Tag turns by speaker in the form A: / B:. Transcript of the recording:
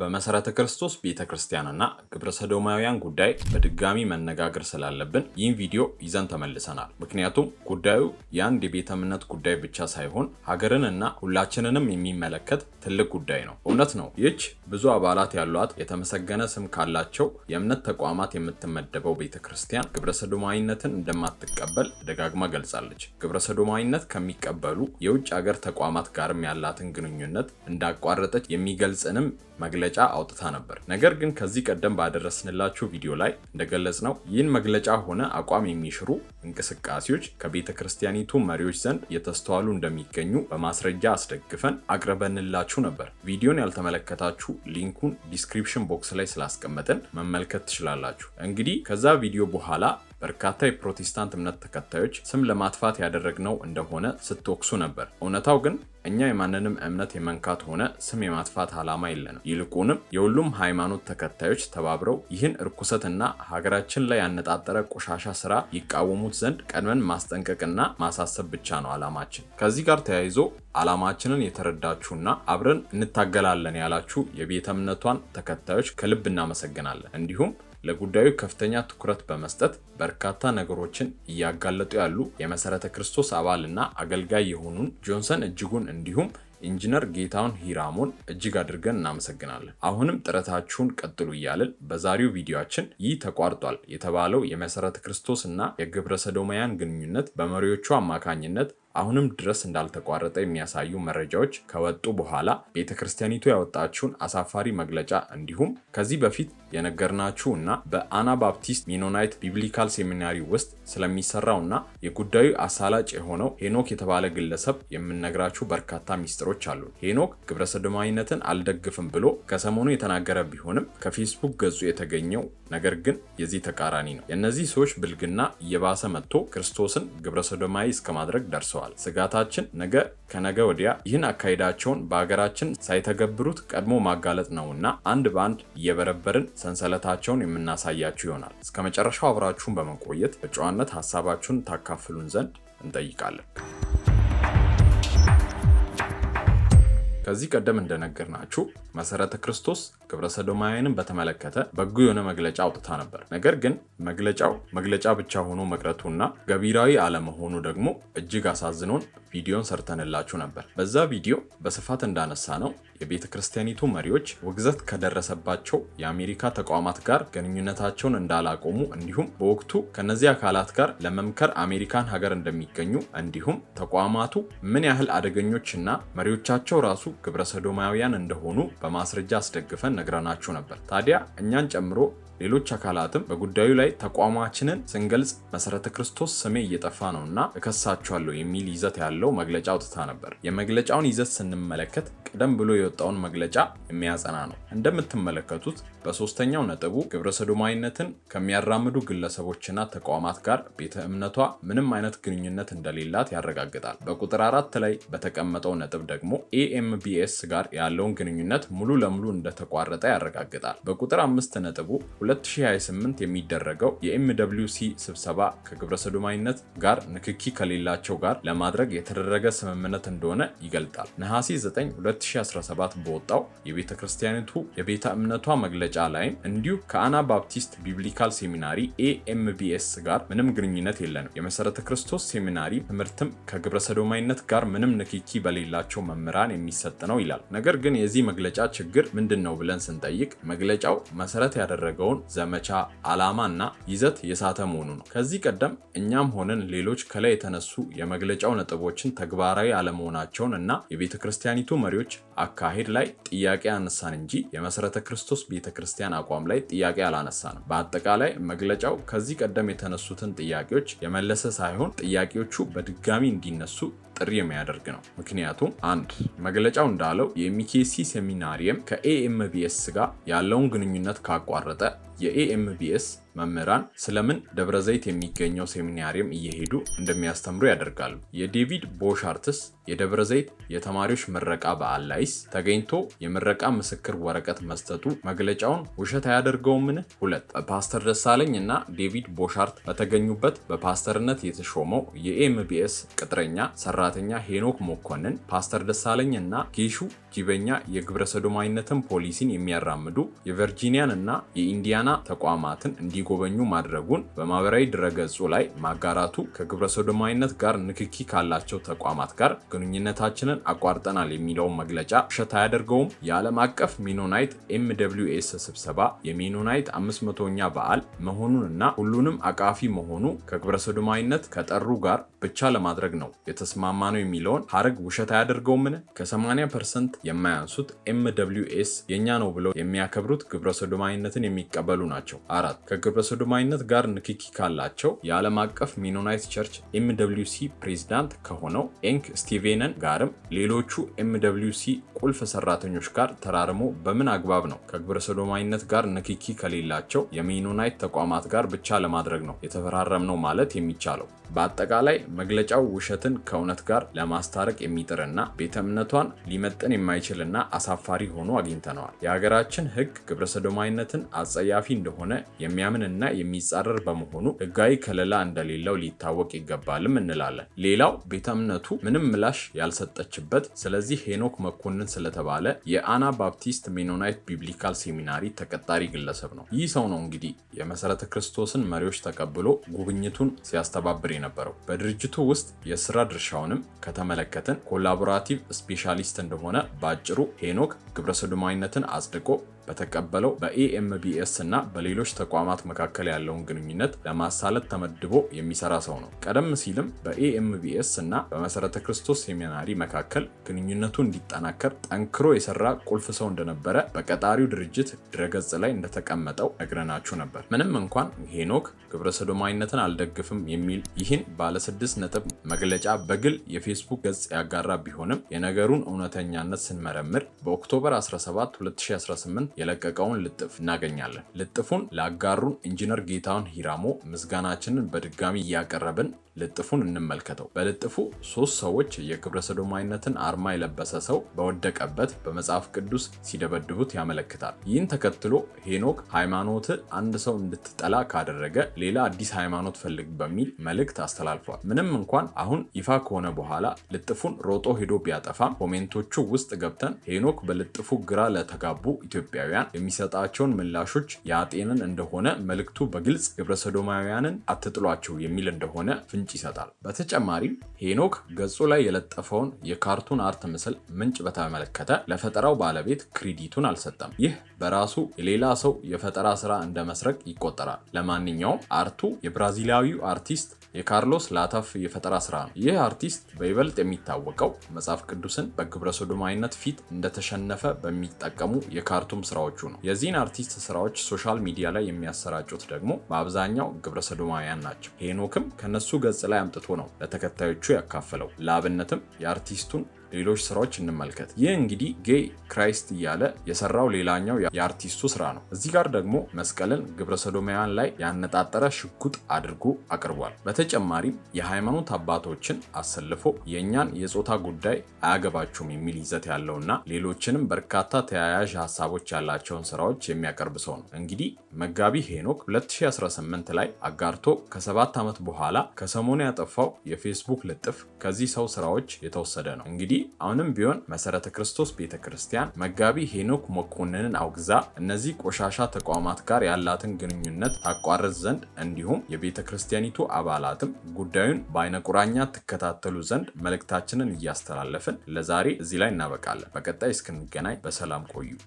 A: በመሰረተ ክርስቶስ ቤተ ክርስቲያንና ግብረ ሰዶማውያን ጉዳይ በድጋሚ መነጋገር ስላለብን ይህን ቪዲዮ ይዘን ተመልሰናል። ምክንያቱም ጉዳዩ የአንድ የቤተ እምነት ጉዳይ ብቻ ሳይሆን ሀገርን እና ሁላችንንም የሚመለከት ትልቅ ጉዳይ ነው። እውነት ነው፣ ይህች ብዙ አባላት ያሏት የተመሰገነ ስም ካላቸው የእምነት ተቋማት የምትመደበው ቤተ ክርስቲያን ግብረ ሰዶማዊነትን እንደማትቀበል ደጋግማ ገልጻለች። ግብረ ሰዶማዊነት ከሚቀበሉ የውጭ ሀገር ተቋማት ጋርም ያላትን ግንኙነት እንዳቋረጠች የሚገልጽንም መግለጫ አውጥታ ነበር። ነገር ግን ከዚህ ቀደም ባደረስንላችሁ ቪዲዮ ላይ እንደገለጽ ነው ይህን መግለጫ ሆነ አቋም የሚሽሩ እንቅስቃሴዎች ከቤተ ክርስቲያኒቱ መሪዎች ዘንድ የተስተዋሉ እንደሚገኙ በማስረጃ አስደግፈን አቅርበንላችሁ ነበር። ቪዲዮን ያልተመለከታችሁ ሊንኩን ዲስክሪፕሽን ቦክስ ላይ ስላስቀመጥን መመልከት ትችላላችሁ። እንግዲህ ከዛ ቪዲዮ በኋላ በርካታ የፕሮቴስታንት እምነት ተከታዮች ስም ለማጥፋት ያደረግነው እንደሆነ ስትወቅሱ ነበር። እውነታው ግን እኛ የማንንም እምነት የመንካት ሆነ ስም የማጥፋት ዓላማ የለንም። ይልቁንም የሁሉም ሃይማኖት ተከታዮች ተባብረው ይህን እርኩሰትና ሀገራችን ላይ ያነጣጠረ ቆሻሻ ስራ ይቃወሙት ዘንድ ቀድመን ማስጠንቀቅና ማሳሰብ ብቻ ነው ዓላማችን። ከዚህ ጋር ተያይዞ ዓላማችንን የተረዳችሁና አብረን እንታገላለን ያላችሁ የቤተ እምነቷን ተከታዮች ከልብ እናመሰግናለን። እንዲሁም ለጉዳዩ ከፍተኛ ትኩረት በመስጠት በርካታ ነገሮችን እያጋለጡ ያሉ የመሰረተ ክርስቶስ አባልና አገልጋይ የሆኑን ጆንሰን እጅጉን እንዲሁም ኢንጂነር ጌታውን ሂራሞን እጅግ አድርገን እናመሰግናለን። አሁንም ጥረታችሁን ቀጥሉ እያልን በዛሬው ቪዲዮችን ይህ ተቋርጧል የተባለው የመሰረተ ክርስቶስ እና የግብረ ሰዶማያን ግንኙነት በመሪዎቹ አማካኝነት አሁንም ድረስ እንዳልተቋረጠ የሚያሳዩ መረጃዎች ከወጡ በኋላ ቤተ ክርስቲያኒቱ ያወጣችውን አሳፋሪ መግለጫ እንዲሁም ከዚህ በፊት የነገርናችሁ እና በአና ባፕቲስት ሚኖናይት ቢብሊካል ሴሚናሪ ውስጥ ስለሚሰራውና የጉዳዩ አሳላጭ የሆነው ሄኖክ የተባለ ግለሰብ የምነግራችሁ በርካታ ሚስጥሮች አሉ። ሄኖክ ግብረሰዶማዊነትን አልደግፍም ብሎ ከሰሞኑ የተናገረ ቢሆንም ከፌስቡክ ገጹ የተገኘው ነገር ግን የዚህ ተቃራኒ ነው። የእነዚህ ሰዎች ብልግና እየባሰ መጥቶ ክርስቶስን ግብረሰዶማዊ እስከማድረግ ደርሰዋል። ስጋታችን ነገ ከነገ ወዲያ ይህን አካሄዳቸውን በሀገራችን ሳይተገብሩት ቀድሞ ማጋለጥ ነውና አንድ በአንድ እየበረበርን ሰንሰለታቸውን የምናሳያችሁ ይሆናል። እስከ መጨረሻው አብራችሁን በመቆየት በጨዋነት ሀሳባችሁን ታካፍሉን ዘንድ እንጠይቃለን። ከዚህ ቀደም እንደነገርናችሁ መሰረተ ክርስቶስ ግብረ ሰዶማውያንን በተመለከተ በጎ የሆነ መግለጫ አውጥታ ነበር። ነገር ግን መግለጫው መግለጫ ብቻ ሆኖ መቅረቱና ገቢራዊ አለመሆኑ ደግሞ እጅግ አሳዝኖን ቪዲዮን ሰርተንላችሁ ነበር። በዛ ቪዲዮ በስፋት እንዳነሳ ነው የቤተ ክርስቲያኒቱ መሪዎች ውግዘት ከደረሰባቸው የአሜሪካ ተቋማት ጋር ግንኙነታቸውን እንዳላቆሙ እንዲሁም በወቅቱ ከነዚህ አካላት ጋር ለመምከር አሜሪካን ሀገር እንደሚገኙ እንዲሁም ተቋማቱ ምን ያህል አደገኞችና መሪዎቻቸው ራሱ ግብረ ሰዶማውያን እንደሆኑ በማስረጃ አስደግፈን ነግረናችሁ ነበር። ታዲያ እኛን ጨምሮ ሌሎች አካላትም በጉዳዩ ላይ ተቋማችንን ስንገልጽ መሰረተ ክርስቶስ ስሜ እየጠፋ ነውና እከሳችኋለሁ የሚል ይዘት ያለው መግለጫ አውጥታ ነበር። የመግለጫውን ይዘት ስንመለከት ቀደም ብሎ የወጣውን መግለጫ የሚያጸና ነው። እንደምትመለከቱት በሶስተኛው ነጥቡ ግብረ ሰዶማዊነትን ከሚያራምዱ ግለሰቦችና ተቋማት ጋር ቤተ እምነቷ ምንም አይነት ግንኙነት እንደሌላት ያረጋግጣል። በቁጥር አራት ላይ በተቀመጠው ነጥብ ደግሞ ኤኤምቢኤስ ጋር ያለውን ግንኙነት ሙሉ ለሙሉ እንደተቋረጠ ያረጋግጣል። በቁጥር አምስት ነጥቡ 2028 የሚደረገው የኤምደብሊውሲ ስብሰባ ከግብረ ሰዶማዊነት ጋር ንክኪ ከሌላቸው ጋር ለማድረግ የተደረገ ስምምነት እንደሆነ ይገልጣል። ነሐሴ 9 2017 በወጣው የቤተ ክርስቲያኒቱ የቤተ እምነቷ መግለጫ መግለጫ ላይም እንዲሁ ከአና ባፕቲስት ቢብሊካል ሴሚናሪ ኤኤምቢኤስ ጋር ምንም ግንኙነት የለንም። የመሰረተ ክርስቶስ ሴሚናሪ ትምህርትም ከግብረ ሰዶማዊነት ጋር ምንም ንክኪ በሌላቸው መምህራን የሚሰጥ ነው ይላል። ነገር ግን የዚህ መግለጫ ችግር ምንድን ነው ብለን ስንጠይቅ መግለጫው መሰረት ያደረገውን ዘመቻ ዓላማ እና ይዘት የሳተ መሆኑ ነው። ከዚህ ቀደም እኛም ሆነን ሌሎች ከላይ የተነሱ የመግለጫው ነጥቦችን ተግባራዊ አለመሆናቸውን እና የቤተ ክርስቲያኒቱ መሪዎች አካሄድ ላይ ጥያቄ አነሳን እንጂ የመሰረተ ክርስቶስ ቤተ ክርስቲያን አቋም ላይ ጥያቄ አላነሳንም። በአጠቃላይ መግለጫው ከዚህ ቀደም የተነሱትን ጥያቄዎች የመለሰ ሳይሆን ጥያቄዎቹ በድጋሚ እንዲነሱ ጥሪ የሚያደርግ ነው። ምክንያቱም አንድ መግለጫው እንዳለው የሚኬሲ ሴሚናሪየም ከኤኤምቢኤስ ጋር ያለውን ግንኙነት ካቋረጠ የኤኤምቢኤስ መምህራን ስለምን ደብረ ዘይት የሚገኘው ሴሚናሪም እየሄዱ እንደሚያስተምሩ ያደርጋሉ። የዴቪድ ቦሻርትስ የደብረ ዘይት የተማሪዎች ምረቃ በዓል ላይስ ተገኝቶ የምረቃ ምስክር ወረቀት መስጠቱ መግለጫውን ውሸት አያደርገውምን? ሁለት በፓስተር ደሳለኝ እና ዴቪድ ቦሻርት በተገኙበት በፓስተርነት የተሾመው የኤምቢኤስ ቅጥረኛ ሰራተኛ ሄኖክ መኮንን ፓስተር ደሳለኝ እና ጌሹ ጅበኛ የግብረ ሰዶማዊነትን ፖሊሲን የሚያራምዱ የቨርጂኒያን እና የኢንዲያና ተቋማትን እንዲጎበኙ ማድረጉን በማህበራዊ ድረገጹ ላይ ማጋራቱ ከግብረ ሰዶማዊነት ጋር ንክኪ ካላቸው ተቋማት ጋር ግንኙነታችንን አቋርጠናል የሚለውን መግለጫ ውሸት አያደርገውም። የዓለም አቀፍ ሚኖናይት ኤም ስብሰባ የሚኖናይት 500ኛ በዓል መሆኑን እና ሁሉንም አቃፊ መሆኑ ከግብረ ሰዶማዊነት ከጠሩ ጋር ብቻ ለማድረግ ነው የተስማማ ነው የሚለውን ሀረግ ውሸት አያደርገውምን? ከ80 ፐርሰንት የማያንሱት ኤም ኤስ የእኛ ነው ብለው የሚያከብሩት ግብረ ሰዶማዊነትን የሚቀበሉ ናቸው። አራት ከግብረ ሰዶማዊነት ጋር ንክኪ ካላቸው የዓለም አቀፍ ሚኖናይት ቸርች ኤም ፕሬዚዳንት ከሆነው ኤንክ ስቲቬነን ጋርም ሌሎቹ ኤም ሲ ቁልፍ ሰራተኞች ጋር ተራርሞ በምን አግባብ ነው ከግብረ ሰዶማዊነት ጋር ንክኪ ከሌላቸው የሚኖናይት ተቋማት ጋር ብቻ ለማድረግ ነው የተፈራረምነው ማለት የሚቻለው? በአጠቃላይ መግለጫው ውሸትን ከእውነት ጋር ለማስታረቅ የሚጥርና ቤተ እምነቷን ሊመጥን የማይችልና አሳፋሪ ሆኖ አግኝተነዋል። የሀገራችን ሕግ ግብረሰዶማዊነትን አጸያፊ እንደሆነ የሚያምንና የሚጻረር በመሆኑ ሕጋዊ ከለላ እንደሌለው ሊታወቅ ይገባልም እንላለን። ሌላው ቤተ እምነቱ ምንም ምላሽ ያልሰጠችበት ስለዚህ ሄኖክ መኮንን ስለተባለ የአና ባፕቲስት ሜኖናይት ቢብሊካል ሴሚናሪ ተቀጣሪ ግለሰብ ነው። ይህ ሰው ነው እንግዲህ የመሰረተ ክርስቶስን መሪዎች ተቀብሎ ጉብኝቱን ሲያስተባብር የነበረው። በድርጅቱ ውስጥ የስራ ድርሻውንም ከተመለከትን ኮላቦራቲቭ ስፔሻሊስት እንደሆነ በአጭሩ ሄኖክ ግብረሰዶማዊነትን አጽድቆ በተቀበለው በኤኤምቢኤስ እና በሌሎች ተቋማት መካከል ያለውን ግንኙነት ለማሳለጥ ተመድቦ የሚሰራ ሰው ነው። ቀደም ሲልም በኤኤምቢኤስ እና በመሰረተ ክርስቶስ ሴሚናሪ መካከል ግንኙነቱ እንዲጠናከር ጠንክሮ የሰራ ቁልፍ ሰው እንደነበረ በቀጣሪው ድርጅት ድረገጽ ላይ እንደተቀመጠው ነግረናችሁ ነበር። ምንም እንኳን ሄኖክ ግብረ ሰዶማዊነትን አልደግፍም የሚል ይህን ባለስድስት ነጥብ መግለጫ በግል የፌስቡክ ገጽ ያጋራ ቢሆንም የነገሩን እውነተኛነት ስንመረምር በኦክቶበር 17 2018 የለቀቀውን ልጥፍ እናገኛለን። ልጥፉን ላጋሩን ኢንጂነር ጌታውን ሂራሞ ምስጋናችንን በድጋሚ እያቀረብን ልጥፉን እንመልከተው። በልጥፉ ሶስት ሰዎች የግብረ ሰዶማዊነትን አርማ የለበሰ ሰው በወደቀበት በመጽሐፍ ቅዱስ ሲደበድቡት ያመለክታል። ይህን ተከትሎ ሄኖክ ሃይማኖት አንድ ሰው እንድትጠላ ካደረገ ሌላ አዲስ ሃይማኖት ፈልግ በሚል መልእክት አስተላልፏል። ምንም እንኳን አሁን ይፋ ከሆነ በኋላ ልጥፉን ሮጦ ሄዶ ቢያጠፋም ኮሜንቶቹ ውስጥ ገብተን ሄኖክ በልጥፉ ግራ ለተጋቡ ኢትዮጵያ ኢትዮጵያውያን የሚሰጣቸውን ምላሾች የአጤንን እንደሆነ መልእክቱ በግልጽ ግብረ ሰዶማውያንን አትጥሏቸው የሚል እንደሆነ ፍንጭ ይሰጣል። በተጨማሪም ሄኖክ ገጹ ላይ የለጠፈውን የካርቱን አርት ምስል ምንጭ በተመለከተ ለፈጠራው ባለቤት ክሬዲቱን አልሰጠም። ይህ በራሱ የሌላ ሰው የፈጠራ ስራ እንደ መስረቅ ይቆጠራል። ለማንኛውም አርቱ የብራዚላዊው አርቲስት የካርሎስ ላታፍ የፈጠራ ስራ ነው። ይህ አርቲስት በይበልጥ የሚታወቀው መጽሐፍ ቅዱስን በግብረ ሶዶማዊነት ፊት እንደተሸነፈ በሚጠቀሙ የካርቱም ስራዎቹ ነው። የዚህን አርቲስት ስራዎች ሶሻል ሚዲያ ላይ የሚያሰራጩት ደግሞ በአብዛኛው ግብረ ሰዶማውያን ናቸው። ሄኖክም ከነሱ ገጽ ላይ አምጥቶ ነው ለተከታዮቹ ያካፈለው። ለአብነትም የአርቲስቱን ሌሎች ስራዎች እንመልከት። ይህ እንግዲህ ጌይ ክራይስት እያለ የሰራው ሌላኛው የአርቲስቱ ስራ ነው። እዚህ ጋር ደግሞ መስቀልን ግብረሰዶማውያን ላይ ያነጣጠረ ሽጉጥ አድርጎ አቅርቧል። በተጨማሪም የሃይማኖት አባቶችን አሰልፎ የእኛን የጾታ ጉዳይ አያገባችሁም የሚል ይዘት ያለውና ሌሎችንም በርካታ ተያያዥ ሀሳቦች ያላቸውን ስራዎች የሚያቀርብ ሰው ነው። እንግዲህ መጋቢ ሄኖክ 2018 ላይ አጋርቶ ከሰባት ዓመት በኋላ ከሰሞኑ ያጠፋው የፌስቡክ ልጥፍ ከዚህ ሰው ስራዎች የተወሰደ ነው። እንግዲህ አሁንም ቢሆን መሰረተ ክርስቶስ ቤተ ክርስቲያን መጋቢ ሄኖክ መኮንንን አውግዛ እነዚህ ቆሻሻ ተቋማት ጋር ያላትን ግንኙነት ታቋርጥ ዘንድ እንዲሁም የቤተ ክርስቲያኒቱ አባላትም ጉዳዩን በአይነ ቁራኛ ትከታተሉ ዘንድ መልእክታችንን እያስተላለፍን ለዛሬ እዚህ ላይ እናበቃለን። በቀጣይ እስክንገናኝ በሰላም ቆዩ።